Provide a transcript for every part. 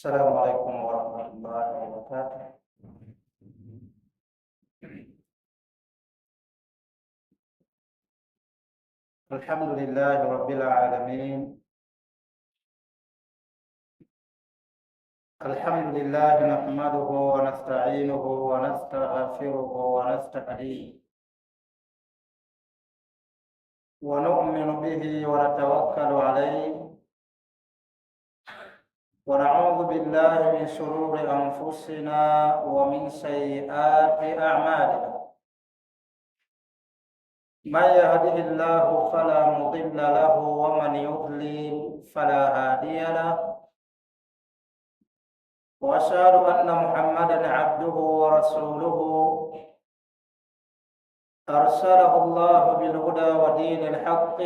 السلام عليكم ورحمة الله وبركاته الحمد لله رب العالمين الحمد لله نحمده ونستعينه ونستغفره ونستهديه ونؤمن به ونتوكل عليه ونعوذ بالله من شرور أنفسنا ومن سيئات أعمالنا من يهده الله فلا مضل له ومن يضلل فلا هادي له وأشهد أن محمدا عبده ورسوله أرسله الله بالهدى ودين الحق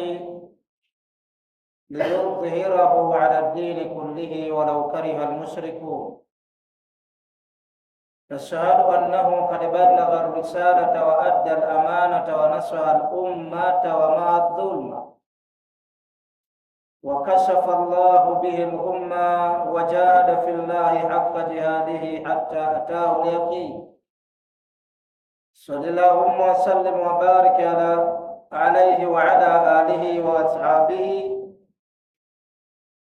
ليظهره على الدين كله ولو كره المشركون نشهد أنه قد بلغ الرسالة وأدى الأمانة ونصح الأمة ومع الظلم وكشف الله به الأمة وجاد في الله حق جهاده حتى أتاه اليقين صلى الله وسلم وبارك عليه وعلى آله وأصحابه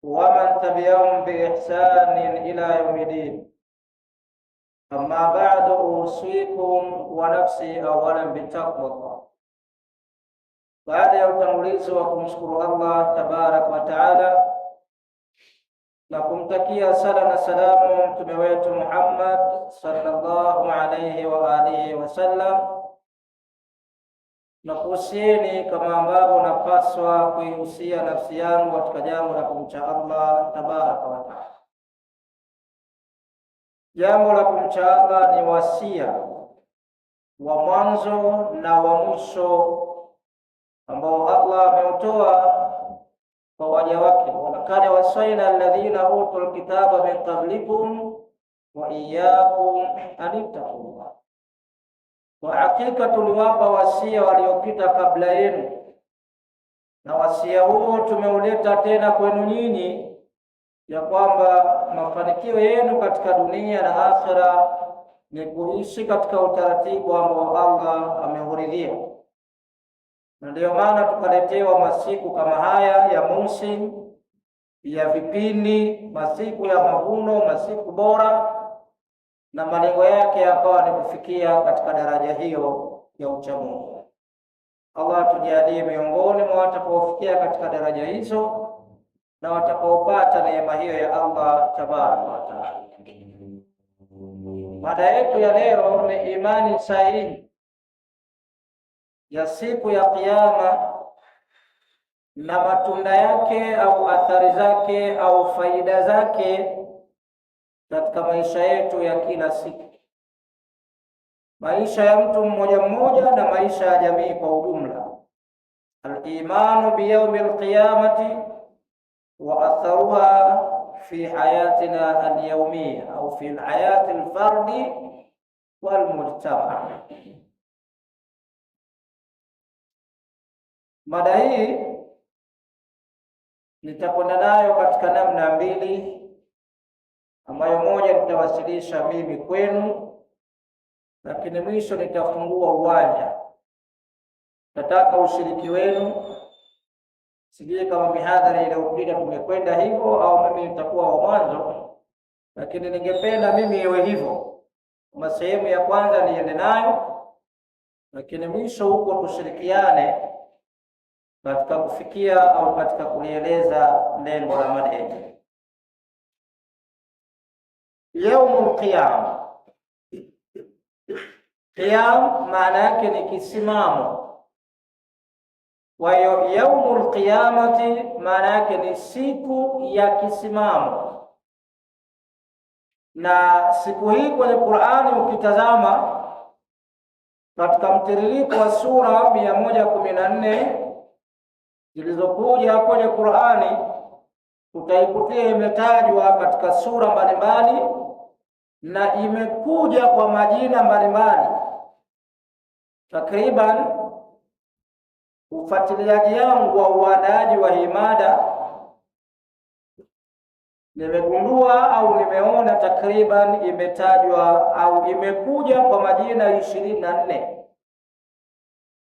ومن تبعهم بإحسان إلى يوم الدين أما بعد أوصيكم ونفسي أولا بتقوى الله بعد يوم وكم شكر الله تبارك وتعالى لكم تكيا سلام سلام تبويت محمد صلى الله عليه وآله وسلم Nakuhusieni kama ambavyo napaswa kuihusia nafsi yangu katika jambo la kumcha Allah tabaraka wa taala. Jambo la kumcha Allah ni wasia wa mwanzo na wa mwisho ambao Allah ameutoa kwa waja wake, walakad wasaina alladhina utul kitaba min qablikum wa iyyakum an ittaqullah kwa hakika tuliwapa wasia waliopita kabla yenu, na wasia huo tumeuleta tena kwenu nyinyi, ya kwamba mafanikio yenu katika dunia na akhera ni kuishi katika utaratibu ambao Allah ameuridhia, na ndiyo maana tukaletewa masiku kama haya ya musim ya vipindi, masiku ya mavuno, masiku bora na malengo yake yakawa ni kufikia katika daraja hiyo ya uchamungu. Allah tujalie miongoni mwa watakaofikia katika daraja hizo na watakaopata neema hiyo ya Allah tabaraka wa taala. Mada yetu ya leo ni imani sahihi ya siku ya Kiyama na matunda yake au athari zake au faida zake katika maisha yetu ya kila siku, maisha ya mtu mmoja mmoja na maisha ya jamii kwa ujumla. Al-imanu bi yaumil qiyamati wa atharuha fi hayatina al-yawmiyya au fi hayati al-fardi wal mujtama. Mada hii nitakwenda nayo katika namna mbili ambayo moja nitawasilisha mimi kwenu, lakini mwisho nitafungua uwanja. Nataka ushiriki wenu, sijui kama mihadhara iliyopita tumekwenda hivyo au mimi nitakuwa wa mwanzo, lakini ningependa mimi iwe hivyo, kama sehemu ya kwanza niende nayo, lakini mwisho huko tushirikiane katika kufikia au katika kulieleza lengo la mada yaumul qiyama. Qiyam maana yake ni kisimamo. Kwa hiyo yaumul qiyamati maana yake ni siku ya kisimamo, na siku hii kwenye Qur'ani ukitazama katika mtiririko wa sura mia moja kumi na nne zilizokuja kwenye Qur'ani utaikutia imetajwa katika sura mbalimbali na imekuja kwa majina mbalimbali. Takriban ufuatiliaji yangu wa uandaaji wa imada nimegundua au nimeona takriban imetajwa au imekuja kwa majina ishirini na nne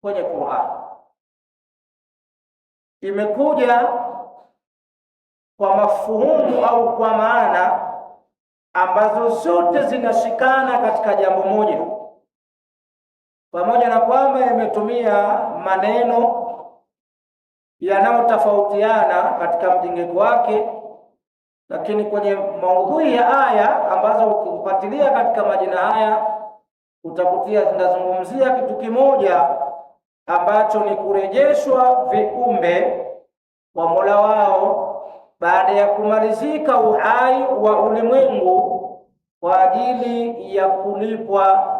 kwenye Qur'an. Imekuja kwa mafuhumu au kwa maana ambazo zote zinashikana katika jambo moja, pamoja na kwamba imetumia maneno yanayotofautiana katika mjengeko wake, lakini kwenye maudhui ya aya ambazo ukifuatilia katika majina haya utakutia zinazungumzia kitu kimoja ambacho ni kurejeshwa viumbe kwa Mola wao baada ya kumalizika uhai wa ulimwengu kwa ajili ya kulipwa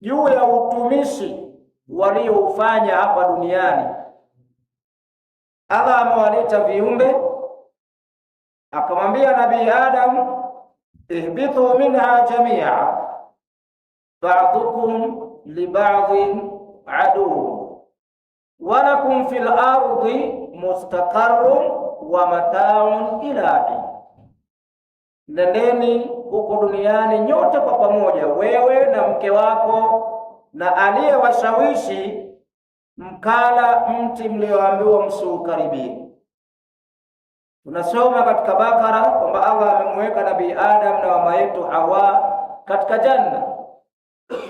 juu ya utumishi walioufanya hapa duniani. Allah amewaleta viumbe, akamwambia Nabii Adamu, ihbithu minha jamia ba'dukum liba'dhin aduu walakum fil ardi mustaqarrun wa mataun ila nendeni huko duniani nyote kwa pamoja, wewe na mke wako na aliyewashawishi mkala mti mlioambiwa msiukaribie. Tunasoma katika Bakara kwamba Allah amemweka Nabii Adam na mama yetu Hawa katika janna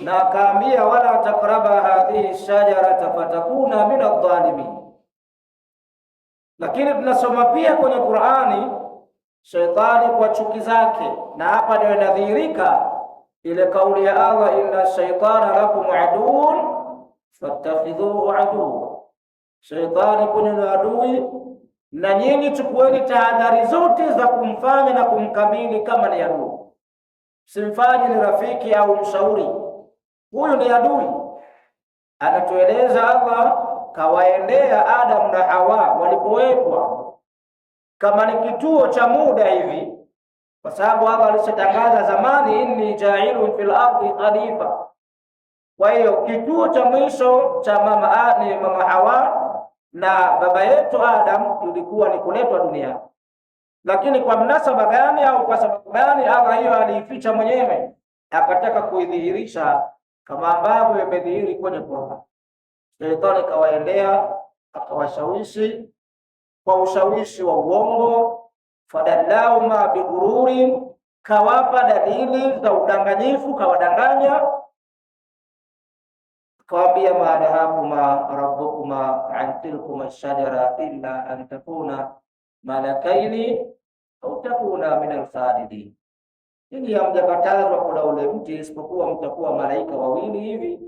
na akaambia, wala takraba hadhihi shajara fatakuna min adh-dhalimin lakini tunasoma pia kwenye Qur'ani shaitani kwa chuki zake, na hapa ndio inadhihirika ile kauli ya Allah, inna shaitana lakum aduun fattakhidhuhu aduwa, shaitani kwenye na adui, na nyinyi chukueni tahadhari zote za kumfanya na kumkabili kama ni adui. Simfanye ni rafiki au mshauri, huyu ni adui, anatueleza Allah kawaendea adam na Hawa walipowekwa kama ni kituo cha muda hivi, kwa sababu hapa alishatangaza zamani, inni jailun fil ardi khalifa. Kwa hiyo kituo cha mwisho cha mama ni mama Hawa na baba yetu adam ilikuwa ni kuletwa duniani, lakini kwa mnasaba gani au kwa sababu gani? Allah hiyo aliificha mwenyewe, akataka kuidhihirisha kama ambavyo imedhihiri kwenye Qur'an. Shetani kawaendea akawashawishi kwa ushawishi wa uongo, fadallahuma bighururin, kawapa dalili za udanganyifu, kawadanganya kawambia ma nahakuma rabbukuma an tilkuma shajara illa an takuna malakaini au takuna min alfadilin, ili hamjakatazwa kula ule mti isipokuwa mtakuwa malaika wawili hivi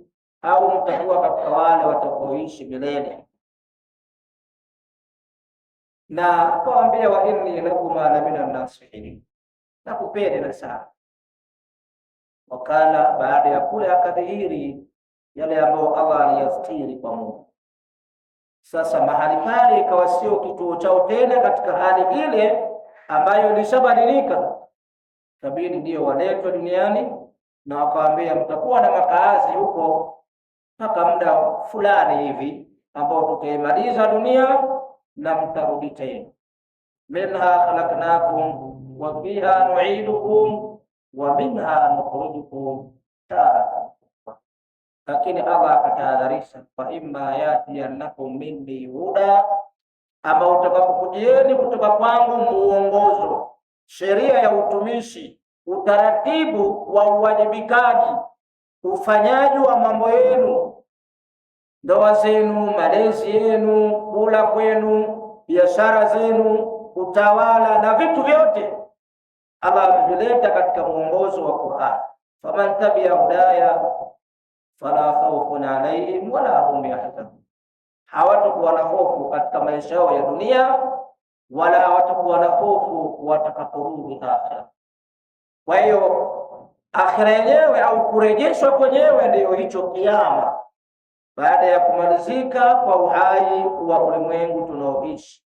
au mtakuwa katika wale watakaoishi milele. Na kawaambia wa inni nasihin, na kupende na sana. Wakala baada ya kule akadhihiri yale ambayo Allah aliyastiri kwa Mungu. Sasa mahali pale ikawa sio kituo chao tena, katika hali ile ambayo ilishabadilika, kabidi ndiyo waletwe duniani na wakawaambia mtakuwa na makaazi huko mpaka muda fulani hivi ambao tutaimaliza dunia na mtarudi tena. minha khalaqnakum wa fiha nu'idukum wa minha nukhrijukum taratan ukhra, lakini Allah akatahadharisha, fa imma yatiyannakum minni huda, ama utakapokujieni kutoka kwangu muongozo, sheria ya utumishi, utaratibu wa uwajibikaji, ufanyaji wa mambo yenu ndoa zenu, malezi yenu, kula kwenu, biashara zenu, utawala na vitu vyote Allah amevileta katika mwongozo wa Qur'an. faman tabia hudaya fala khawfun alaihim wala hum yahzanun, hawatakuwa na hofu katika maisha yao ya dunia wala hawatakuwa na hofu watakaporudi akhira. Kwa hiyo akhira yenyewe au kurejeshwa kwenyewe ndiyo hicho kiama baada ya kumalizika kwa uhai wa ulimwengu tunaoishi,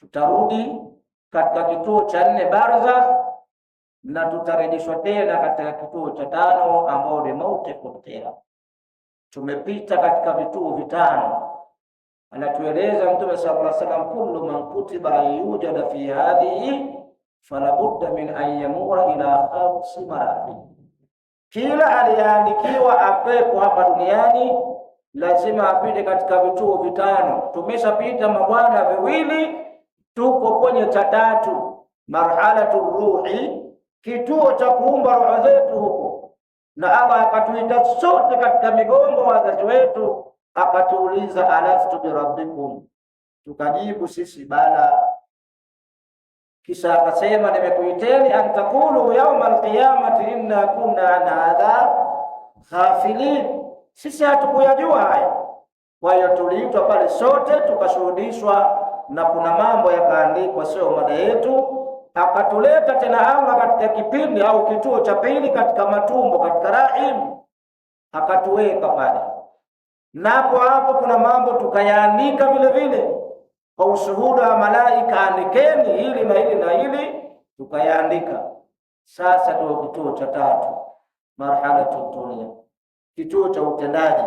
tutarudi katika kituo cha nne barzakh, na tutarejeshwa tena katika kituo cha tano ambao ni mauti kutia. Tumepita katika vituo vitano. Anatueleza Mtume sallallahu alaihi wasallam, kullu man kutiba an yujada fi hadhihi falabudda min an yamura ila khamsi marati, kila aliyeandikiwa apepo hapa duniani lazima apite katika vituo vitano. Tumeshapita mabwana viwili, tuko kwenye cha tatu, marhalatu ruhi, kituo cha kuumba roho zetu huko. Na Allah akatuita sote katika migongo wazazi wetu, akatuuliza alastu birabbikum, tukajibu sisi bala. Kisha akasema nimekuiteni antakulu yauma alqiyamati inna kunna an hadha ghafilin sisi hatukuyajua haya. Kwa hiyo tuliitwa pale sote tukashuhudishwa, na kuna mambo yakaandikwa, sio mada yetu. Akatuleta tena anga katika kipindi au kituo cha pili katika matumbo, katika rahim, akatuweka pale, napo hapo kuna mambo tukayaandika vile vile kwa ushuhuda wa malaika, andikeni hili na hili na hili, tukayaandika. Sasa ndio kituo cha tatu, marhalatu dunia kituo cha utendaji,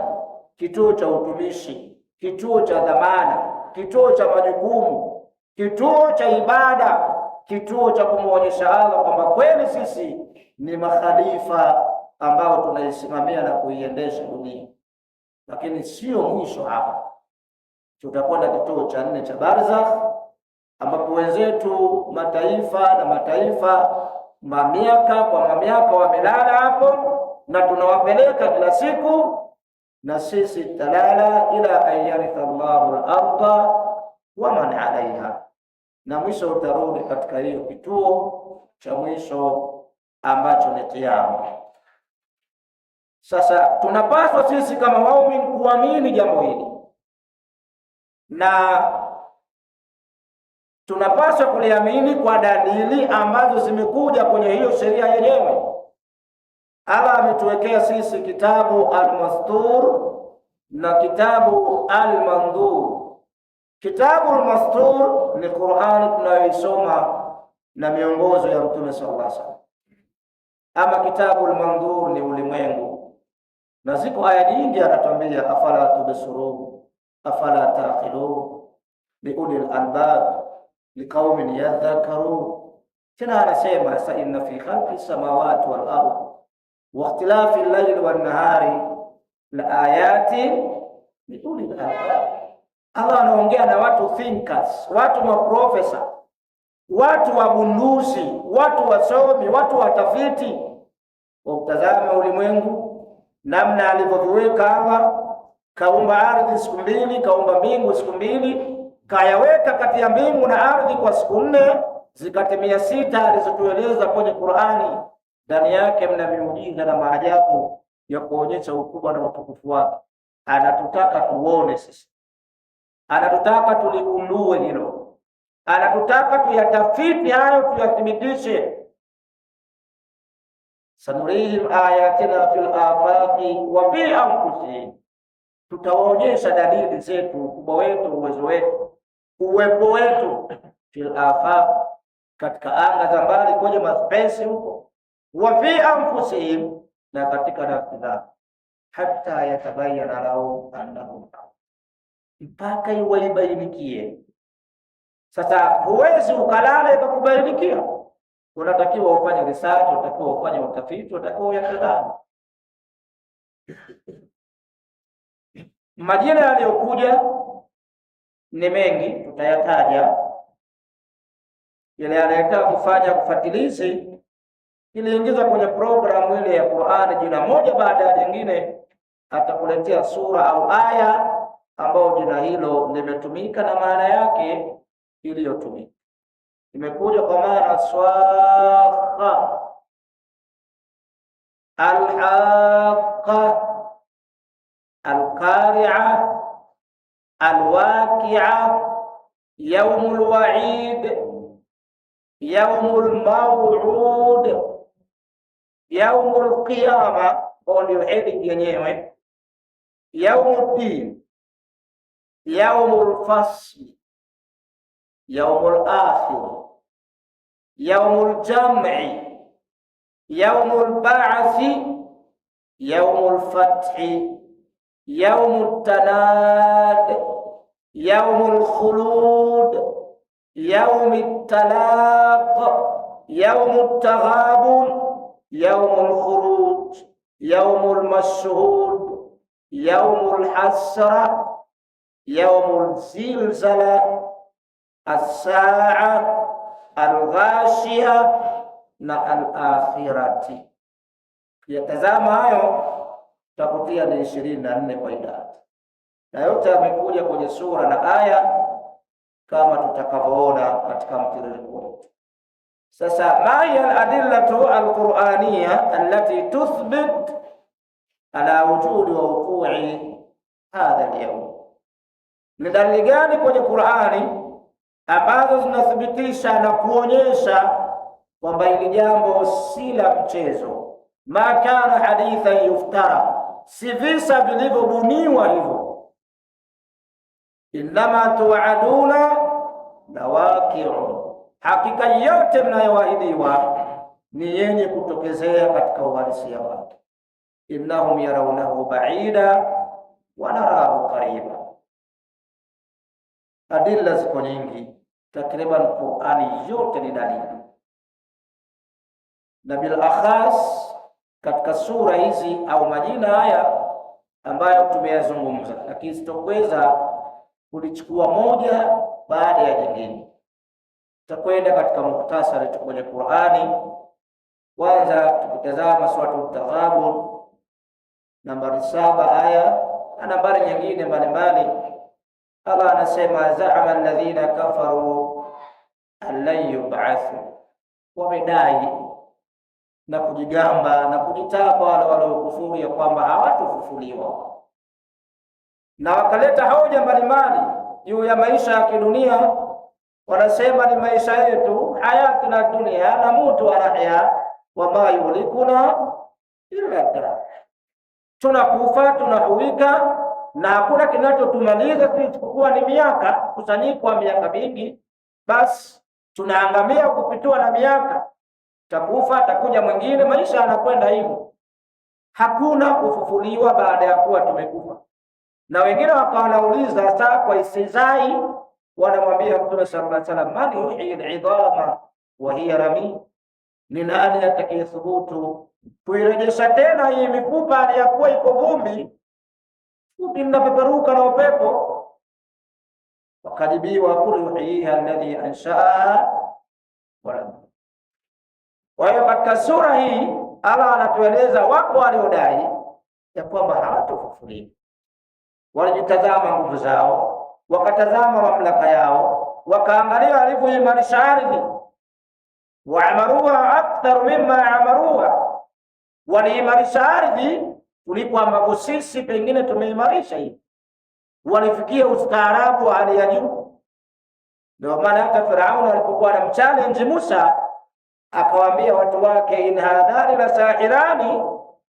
kituo cha utumishi, kituo cha dhamana, kituo cha majukumu, kituo cha ibada, kituo cha kumwonyesha Allah kwamba kweli sisi ni makhalifa ambao tunaisimamia na kuiendesha dunia. Lakini sio mwisho hapa, tutakwenda kituo cha nne cha barzakh, ambapo wenzetu mataifa na mataifa mamiaka kwa mamiaka wamelala hapo na tunawapeleka kila siku na sisi talala ila an yaritha Allahu al-ardha wa man alaiha, na mwisho utarudi katika hiyo kituo cha mwisho ambacho ni kiyama. Sasa tunapaswa sisi kama waumini kuamini jambo hili na tunapaswa kuliamini kwa dalili ambazo zimekuja kwenye hiyo sheria yenyewe Allah ametuwekea sisi kitabu al-mastur na kitabu al-mandhur. Kitabu al-mastur ni Qur'ani tunayoisoma na miongozo ya Mtume sallallahu alaihi wasallam. Ama kitabu al-mandhur ni ulimwengu, na ziko aya nyingi anatuambia, afala tubsirun afala taqilun liulil albab liqaumin yadhakkarun. Tena anasema sa inna fi khalqi samawati wal ardi wakhtilafi llaili wannahari la ayati liuli lalbab. Allah anaongea na watu thinkers, watu maprofesa, watu wagunduzi, watu wasomi, watu watafiti wa kutazama ulimwengu namna alivyoviweka Allah. Kaumba ardhi siku mbili, kaumba mbingu siku mbili, kayaweka kati ya mbingu na ardhi kwa siku nne, zikatimia sita alizotueleza kwenye Qur'ani ndani yake mna miujiza na maajabu ya kuonyesha ukubwa na utukufu wake. Anatutaka tuone sisi, anatutaka tuligundue hilo, anatutaka tuyatafiti hayo, tuyathibitishe. sanurihim ayatina fil afaqi wa fi anfusihim, tutaonyesha dalili zetu, ukubwa wetu, uwezo wetu, uwepo wetu, fil afaqi, katika anga za mbali kwenye maspesi huko wa fi anfusihim, na katika nafsi zao, hata yatabayana lahum annahum, mpaka iwaibainikie. Sasa huwezi ukalala ikakubainikia, unatakiwa ufanye research, unatakiwa ufanye utafiti, unatakiwa uyatazame majina yaliyokuja ni mengi, tutayataja yale yanayotaka kufanya kufatilizi iliingiza kwenye programu ile ya Qur'ani jina moja baada ya jingine, atakuletea sura au aya ambayo jina hilo limetumika na maana yake iliyotumika. Imekuja kwa maana swakha, alhaqa, alqari'a, alwaqi'a, yaumul wa'id, yaumul maw'ud يوم القيامة هو اللي يحيدك يوم الدين يوم الفصل يوم الآخر يوم الجمع يوم البعث يوم الفتح يوم التناد يوم الخلود يوم التلاق يوم التغابن yaumul khuruj, yaumul mashhud, yaumul hasra, yaumul zilzala, as-saa, na al-akhirati. Yatazama hayo takutia ni ishirini na nne kwa idadi, na yote yamekuja kwenye sura na aya kama tutakavyoona katika mtiririko wetu. Sasa, ma hiya al-adillatu al-Qur'aniyya allati tuthbit ala wujudi wa wuqu'i hadha al ni dalili gani kwenye Qur'ani ambazo zinathibitisha na kuonyesha kwamba hili jambo si la mchezo. Ma kana hadithan yuftara, si visa vilivyobuniwa hivyo. Innama tuaduna lawaqi'u Hakika yote mnayoahidiwa ni yenye kutokezea katika uhalisia wake. Innahum yarawnahu baida wa narahu qariba. Adilla ziko nyingi, takriban Qur'ani yote ni dalili, na bil akhas katika sura hizi au majina haya ambayo tumeyazungumza, lakini sitokweza kulichukua moja baada ya jingine. Tutakwenda katika muktasari tu kwenye Qur'ani. Kwanza tukitazama Suratu Taghabun nambari saba aya na nambari nyingine mbalimbali. Allah anasema zaama alladhina kafaru allan yub'athu, wamedai na kujigamba na kujitapa wale waliokufuru ya kwamba hawatofufuliwa, na wakaleta hoja mbalimbali juu ya maisha ya kidunia wanasema ni maisha yetu hayati na dunia na mutu anahya wama yulikuna illa dahar, tunakufa tunahuika na hakuna kinachotumaliza isipokuwa ni miaka, kusanyiko miaka mingi. Basi tunaangamia kupitiwa na miaka, takufa takuja mwingine, maisha yanakwenda hivyo. Hakuna kufufuliwa baada ya kuwa tumekufa. Na wengine wakawanauliza saa kwa isizai wanamwambia Mtume sallallahu alaihi wasallam, man yuhyi alidhama wa hiya rami, ni nani atakayethubutu kuirejesha tena hii mifupa aliyakuwa iko vumbi, vumbi linapeperuka na upepo. Wakadibiwa, qul yuhyiha alladhi anshaa. Kwa hiyo katika sura hii Allah anatueleza wako waliodai ya kwamba hawatofufuliwa, walijitazama nguvu zao wakatazama mamlaka yao, wakaangalia walivyoimarisha ardhi. Waamaruha aktharu mimma amaruha, waliimarisha ardhi kuliko ambapo sisi pengine tumeimarisha hii. Walifikia ustaarabu wa hali ya juu. Ndio maana hata Firauni alipokuwa na mchallenge Musa akawaambia watu wake, in hadhani la sahirani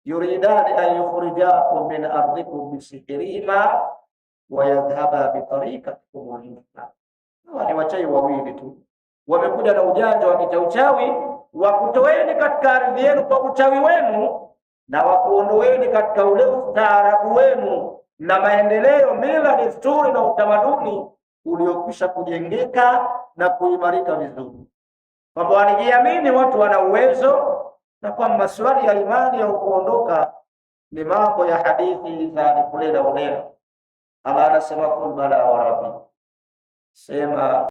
yuridani an yukhrijakum min ardikum bisihirima wayadhhaba bitarikatikum almuthla. Hawa ni wachawi wawili tu, wamekuja na ujanja wakita wa wakutoweni katika ardhi yenu kwa uchawi wenu na wakuondoweni katika ule ustaarabu wenu na maendeleo, mila, desturi na utamaduni uliokwisha kujengeka na kuimarika vizuri, kwamba wanijiamini watu wana uwezo, na kwamba maswali ya imani ya kuondoka ni mambo ya hadithi za kulela ulela أمانة سما قل بلا وربي سيما